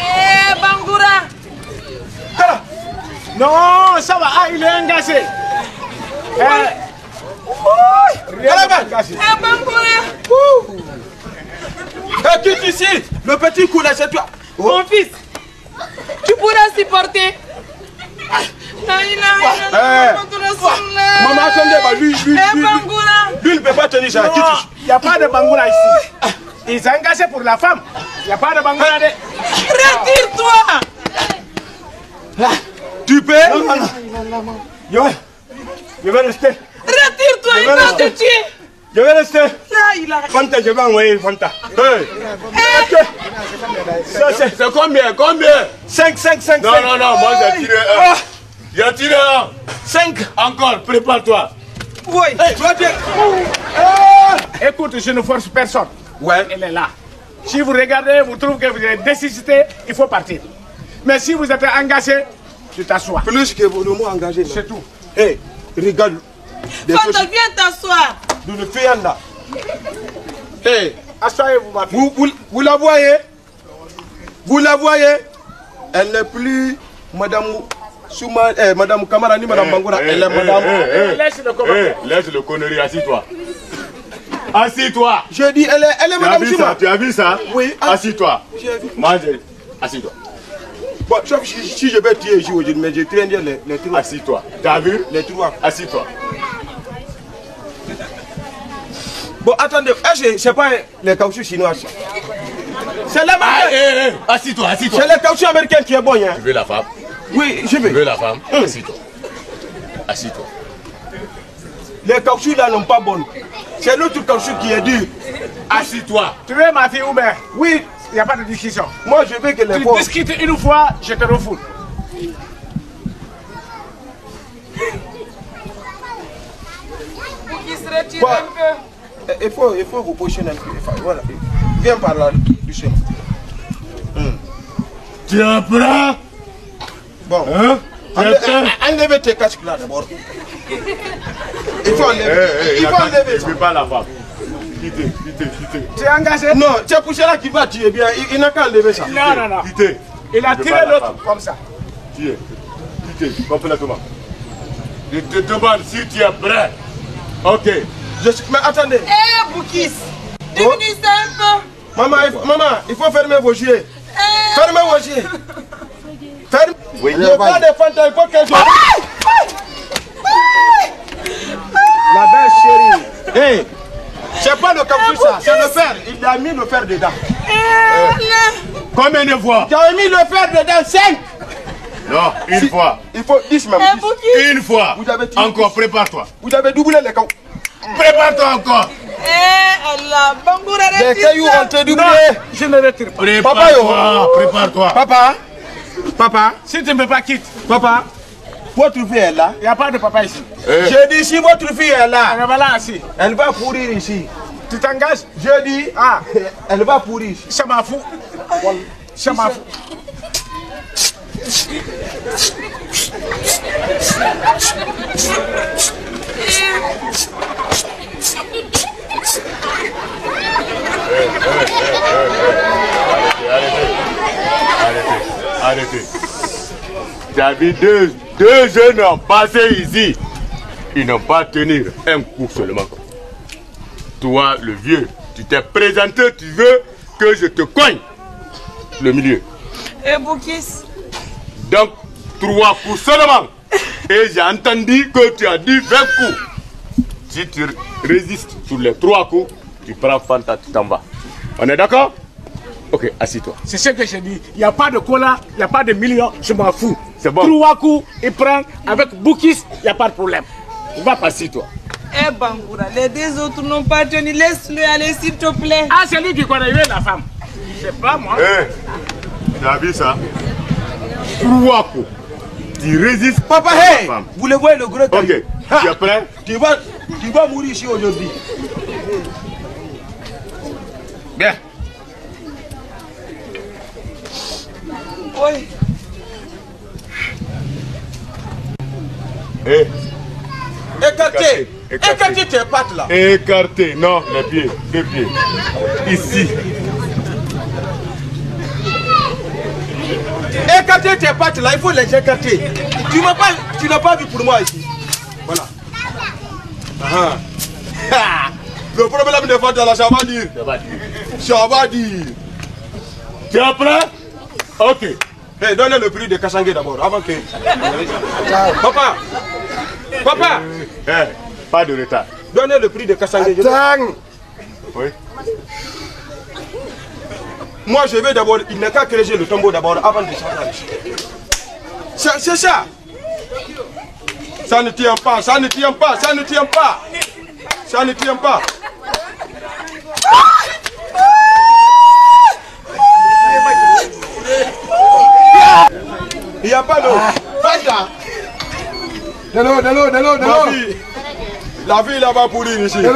Eh, Bangoura Non, ça va, ah, il est engagé. Eh, Bangoura Eh, eh quitte le petit coup là, c'est toi. Oh. Mon fils, tu pourras supporter. non, il eh. lui, a pas lui, lui, lui, lui, lui, lui, ne peut pas te dire ça, lui, lui, lui, lui, lui, lui, s'est engagé pour la femme. Il n'y a pas de bangala Retire-toi ah, tu peux je vais rester. Retire-toi, il va te tuer Je vais rester. Fanta, je vais envoyer Fanta. Eh. C'est combien Combien 5, 5, 5, Non, non, non, moi j'ai tiré un. Ah. J'ai tiré un. 5. Encore, prépare-toi. Oui. Oh. Ah. Écoute, je ne force personne ouais. elle est là. Si vous regardez, vous trouvez que vous êtes décidé, il faut partir. Mais si vous êtes engagé, tu t'assois. Plus que vous mot engagé. C'est tout. Hé, hey, regarde. Fanta, viens t'asseoir. Nous le faisons là. Hé, hey, vous ma fille. Vous, la voyez Vous la voyez Elle n'est plus Madame Souma, eh, Madame Kamara ni Madame eh, Bangoura. Eh, elle est Madame. laisse le connerie, assis-toi. Assis-toi. Je dis, elle est, elle est madame Chinois. Tu as vu ça Oui. Ah, assis-toi. J'ai Assis-toi. Bon, si, je vais tuer aujourd'hui, mais je traîne les, les trois. Assis-toi. Tu as vu Les trois. Assis-toi. Bon, attendez, eh, c'est pas les caoutchoucs chinois. C'est la Ah, eh, eh, eh, Assis-toi, assis-toi. C'est les caoutchouc américains qui est bon. Hein. Tu veux la femme Oui, je veux. Tu veux la femme hum. Assis-toi. Assis-toi. Les tortues là n'ont pas bon. C'est l'autre tortue qui est dur. Assis-toi. Tu veux ma fille ou mère Oui. Il n'y a pas de discussion. Moi, je veux que les pauvres... Tu discutes une fois, je te refoule. il eh, Il faut, il faut reprocher un peu. Voilà. Viens par là, du Hum. Tu apprends Bon. Hein? Enlevez tes casques là d'abord. Il faut enlever. Eh, eh, il faut enlever. Je ne veux pas la voir. Quittez, quittez, quittez. Tu es engagé Non, tu as poussé là qui va tuer bien. Il, n'a qu'à enlever ça. Non, non, non. Quittez. Il a tiré l'autre comme ça. Tuer. Quittez, complètement. Je te demande si tu es prêt. Ok. Je suis... Mais attendez. Eh Boukis. Diminue oh. un peu. Maman, il faut, maman, il faut fermer vos yeux. Eh. Fermez vos yeux. Fermez. Oui, il n'y a pas de fantôme, il faut ah! Ma belle chérie. hey, c'est pas le capuchon, ça, c'est le fer. Il a mis le fer dedans. Eh, euh, combien de fois Tu as mis le fer dedans 5 non, une fois. Il faut 10 même. Une fois. Vous avez encore, prépare-toi. Vous avez doublé les camps. Prépare-toi encore. Eh Allah, les cailloux ont doublé. Je ne retire pas. Prépare-toi, prépare-toi. Papa, papa. Si tu ne me pas, quitte. Papa, votre fille est là. Il n'y a pas de papa ici. Eh. Je dis si votre fille est là. Elle va là ici. Elle va pourrir ici. Tu t'engages Je dis. Ah. Elle va pourrir ici. Ça m'a fou. Ça m'a fou. Eh, eh, arrêtez, arrêtez, arrêtez. arrêtez. J'avais deux, deux jeunes passé ici, ils n'ont pas tenu un coup seulement. Toi, le vieux, tu t'es présenté, tu veux que je te coigne le milieu. Et eh, Boukis Donc, trois coups seulement. Et j'ai entendu que tu as dit 20 coups. Si tu résistes sur les trois coups, tu prends Fanta, tu t'en vas. On est d'accord Ok, assis-toi. C'est ce que j'ai dit. Il n'y a pas de cola, il n'y a pas de millions, je m'en fous. C'est bon. Trois coups, il prend avec Boukis, il n'y a pas de problème. Va pas assis toi. Eh Bangoura, les deux autres n'ont pas tenu. Laisse-le aller, s'il te plaît. Ah, c'est lui qui connaît la femme. C'est pas moi. Eh, tu as vu ça Trois coups. Tu résistes Papa, hey Vous le voyez le gros Ok, tu es tu vas, tu vas mourir ici aujourd'hui. Bien. Oui. Eh. tes pattes là. écarté Non, les pieds. les pieds. Ici. écarté tes pattes là. Il faut les écarter. Tu n'as pas, tu n'as pas vu pour moi ici. Voilà. Ah, ah. Le problème de vente là, la me dire. Ça va dire. Ça dire. Tu es prêt Ok donnez le prix de Kassangé d'abord, avant que... Papa Papa eh, Pas de retard. Donnez le prix de Kassangé. Oui Moi, je vais d'abord... Il n'a qu'à créer le tombeau d'abord, avant de changer. C'est ça Ça ne tient pas, ça ne tient pas, ça ne tient pas Ça ne tient pas Il n'y a pas d'eau. Vas ah. De l'eau, de l'eau, de l'eau, de La vie là-bas pour lui ici. De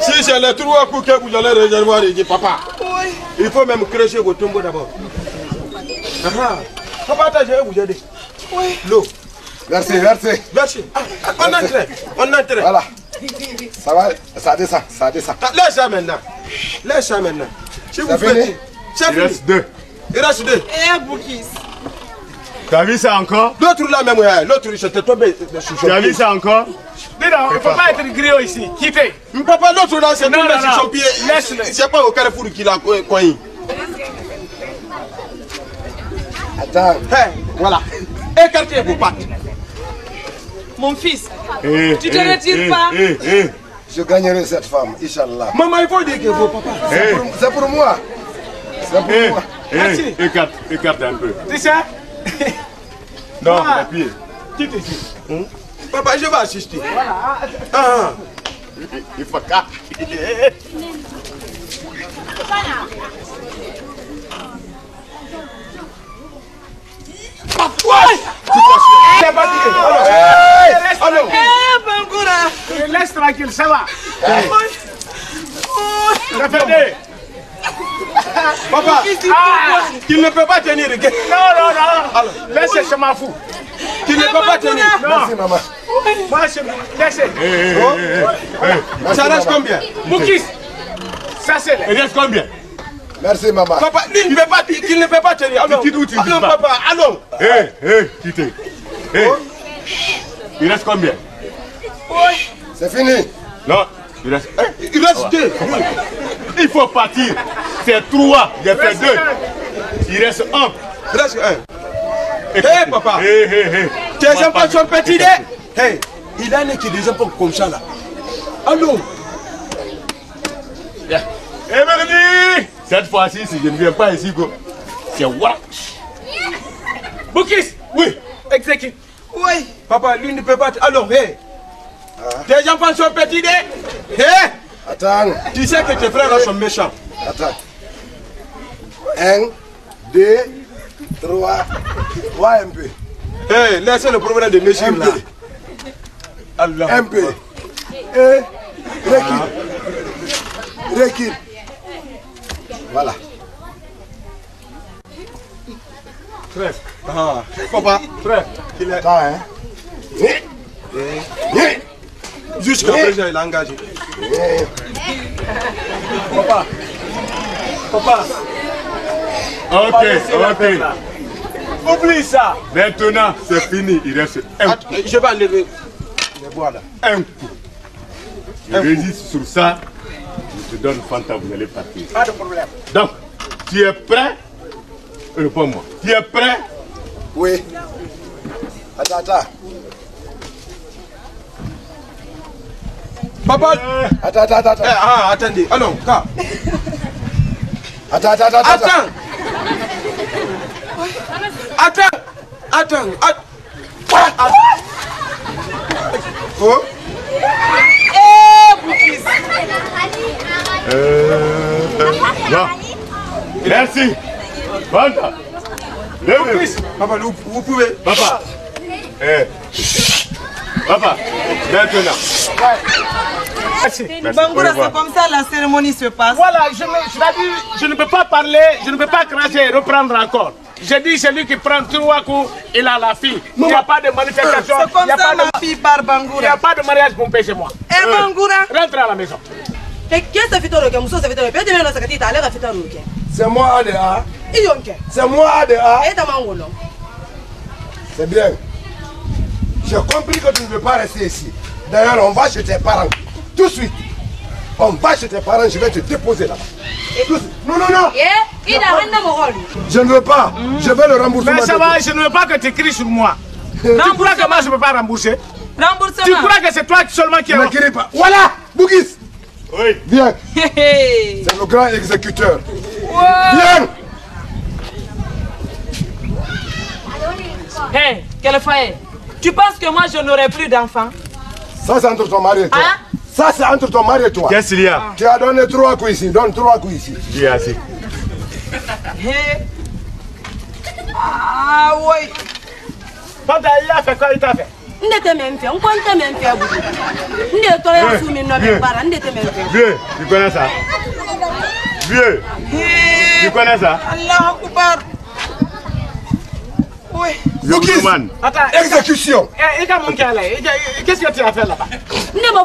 Si c'est les trois coups que vous allez réservoir, il dit papa. Il faut même crécher vos tombeaux d'abord. Ah, ah. papa, t'as vous aider. Oui. L'eau. Merci, merci. Merci. Ah, on entre. On entre. Voilà. Ça va, ça descend, ça descend. Ah, Laisse ça maintenant. Laisse ça maintenant. Si vous faites. Il reste deux. Il reste deux. Et un bouquise. T'as vu ça encore L'autre là même, ouais. l'autre je t'ai tombé. T'as vu ça encore Dis non, il ne faut pas être griot ici, quittez. Mais papa, l'autre là, c'est même là sur son pied. Laisse-le. C'est pas au carrefour qu'il a euh, coin. Attends. voilà. Écartez vos pattes. Mon fils, eh, tu te eh, retires eh, pas Je gagnerai cette femme, Inch'Allah. Maman, il faut dire que vos papa. C'est pour, moi. C'est pour moi. Merci. Écarte, écarte un peu. Tu sais Non, ah. É papy. Quitte é ici. Hmm? Papa, je vais assister. Voilà. Ah. Il faut qu'à. C'est parti. Allô. Allô. Eh, Bangoura. Laisse tranquille, ça va. Répétez. Papa, ah. il ne peut pas tenir. Non, non, non. laissez, je m'en fous. Tu ne peux pas tenir. Merci, maman. Laissez. Eh, eh, eh, oh. Ça reste combien ça c'est Il reste combien Merci, maman. Papa, il ne pas, il ne peut pas tenir. Allons. Tu papa, allons. Hé, hé, Il reste combien C'est fini. Non, il reste... Il reste ah il faut partir. C'est trois, j'ai fait deux. Il reste un. Il reste un. Hé hey, papa. Hé hé hé. Tu n'as pas son petit dé. Hé, il a un disent pas comme ça là. Allô yeah. Et Cette fois-ci, si je ne viens pas ici, c'est what Boukis Oui Exécute Oui Papa, lui ne peut pas... Alors, hé hey. ah. Tes enfants sont petits, hé hey. Attends. Tu sais que tes frères sont méchants. Attends. Un, deux, trois. 3 MP. Hé, laissez le problème de mesure là. MP. peu. Et Voilà. Frère. Ah. Papa. Frère. Il est... Attends, hein. Jusqu'à présent, il a engagé. Papa. Papa. Ok, ok. Oublie ça. Maintenant, c'est fini. Il reste un coup. Euh, je vais enlever. bois là. Un coup. Je résiste sur ça. Je te donne Fanta, vous allez partir. Pas de problème. Donc, tu es prêt Réponds-moi. Euh, tu es prêt Oui. Attends, attends. Papa. Attends, attends, attends. Eh, ah, attendez. Allons, ah, Attends, attends, attends. Attends. Attends. Attends. Attends. Attends. Oh. Euh, non. Eh, eh. Merci. Papa, vous, vous pouvez. Papa. Eh. Papa, maintenant. Merci. Bangura, c'est comme ça la cérémonie se passe. Voilà, je, ne peux pas parler, je ne peux pas cracher et reprendre encore. Je dis, celui qui prend trois coups, il a la fille. Il n'y a pas de manifestation. il pas fille n'y a pas de mariage pour chez moi. Et eh, euh, Bangoura Rentre à la maison. C'est moi ADA. C'est moi ADA. C'est bien. J'ai compris que tu ne veux pas rester ici. D'ailleurs, on va chez tes parents. Tout de suite. On va chez tes parents, je vais te déposer là-bas. Non, non, non. Eh, il a rôle. Je ne veux pas. Hmm. Je veux le rembourser. Mais ça va, je ne veux pas que tu cries sur moi. tu crois que moi je ne peux pas rembourser Tu crois que c'est toi seulement qui. Ne crie pas. Voilà, Bougis. Oui. Viens. c'est le grand exécuteur. Viens. Hé, hey, quelle faille tu penses que moi, je n'aurai plus d'enfants Ça, c'est entre ton mari et toi. Hein? Ça, c'est entre ton mari et toi. Qu'est-ce qu'il y a Tu as donné trois coups ici. Donne trois coups ici. Ah, oui. Papa, il c'est quoi Il t'a fait Viens. vieux tu connais ça vieux tu connais ça. Allah Akbar exécution. Eh, qu'est-ce que tu as fait là-bas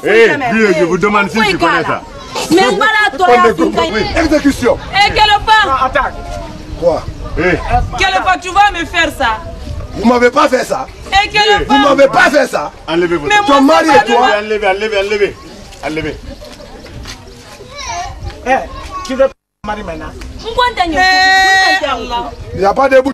eh, je vous eh, demande si tu connais ça. Mais voilà, Exécution. Et Attaque. Quoi part, tu vas me faire ça. Vous m'avez pas fait ça. Et quelle part. Vous m'avez pas fait ça. Enlevez vous toi. Enlevez, Eh, tu veux pas marier maintenant Il n'y a pas de bouche.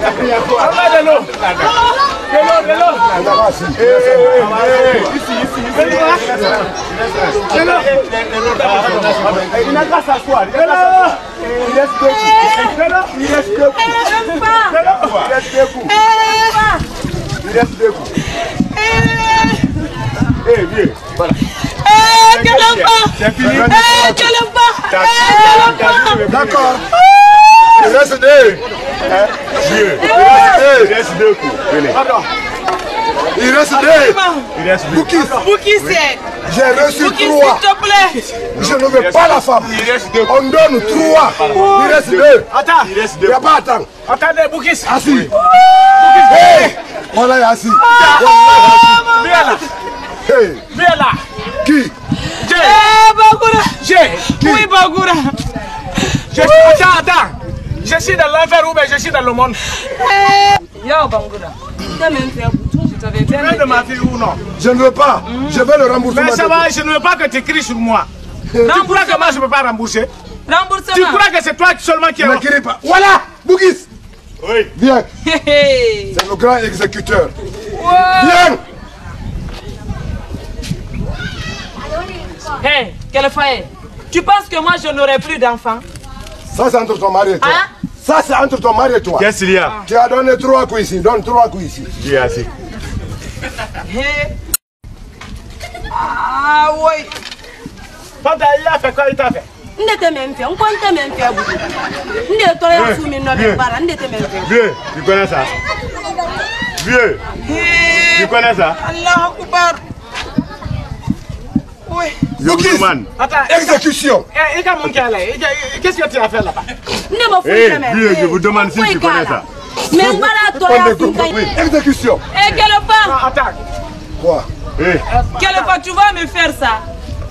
Il n'a qu'à Il laisse deux Il laisse la Il laisse deux Il laisse deux Eh, vieux. Voilà. la D'accord. PSD. Dieu. Il reste deux coups. Venez. Il reste deux. Il reste deux. Boukis. Boukis. c'est. J'ai reçu Boukis, trois. s'il te plaît. Je ne veux pas la femme. Il reste deux. On donne trois. Oh. Il reste deux. Attends. Il reste deux. Il n'y a pas attendre. Attendez, Boukis. Assis. Oui. Boukis. Hey. Voilà, il est assis. Ah, ah, ah, Viens là. Hey. Viens là. Qui J'ai. Eh, Bagoura. J'ai. Oui, Bagoura. Attends, attends. Je suis dans l'enfer ou bien je suis dans le monde. Yo Bangura, tu as même fait un bouton, Tu veux de ma fille ou non Je ne veux pas, hmm. je veux le rembourser. Mais ça va, je ne veux pas que tu cries sur moi. tu crois que moi je ne peux pas rembourser Remboursement. Tu crois que c'est toi seulement qui Ne crie pas. Voilà, Bougis. Oui. Viens. c'est le grand exécuteur. Viens. Hé, hey, quelle faille Tu penses que moi je n'aurai plus d'enfants Sasa mtoto Maria tu. Sasa mtoto Maria tu. Kiasilia. Kia done through wako hizi, don through wako hizi. Kiasi. He. Ah, woi. Pata ya fe kwa itafe. Ndete memfe, unko ndete memfe abudu. Ndete to ya sumi no be bara, ndete memfe. Bien, tu connais ça. Bien. Tu connais ça? Allahu Akbar. oui. Yougouman. Exécution. Eh, là. Eh, eh, qu'est-ce que tu as fait là-bas Ne me fouille jamais. Hey, je vous demande si tu connais ça. Mais voilà toi, Exécution. Eh, quelle part Attaque. Quoi Quelle part tu vas me faire ça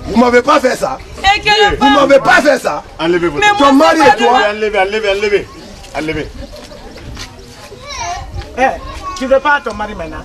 vous m'avez pas fait ça. Et quelle Vous m'avez pas fait ça. Enlevez votre. Ton mari et toi. Enlevez, enlevez, enlevez. Enlevez. Eh, tu veux pas ton mari maintenant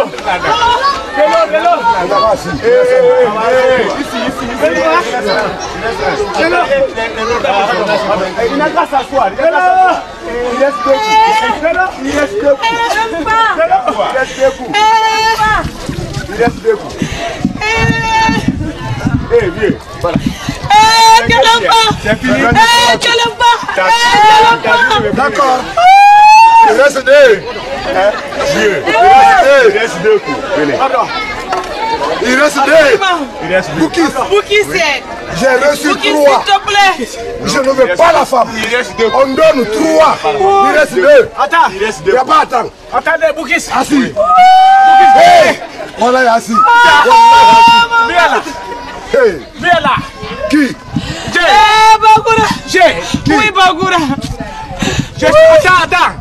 Il a grâce à Il deux coups. Il deux coups. Il deux coups. Eh, Voilà. Eh, Eh, Eh, D'accord. Reste deux. Hein? Dieu. Il reste deux coups. Venez. Il reste deux. Il reste deux. Boukis. Boukis, c'est J'ai reçu trois. trois. S'il te plaît. Je ne veux pas la femme. Il reste deux. On donne trois. Il reste deux. Attends. Il reste deux. Il n'y a pas attendre. Attendez, Boukis. Assis. Oui. Boukis. Hey. Voilà, est assis. Ah, ah, ah, Viens là. Hey. Viens là. Qui J'ai. Eh, Bagoura. J'ai. Oui, Bagoura. Attends, attends.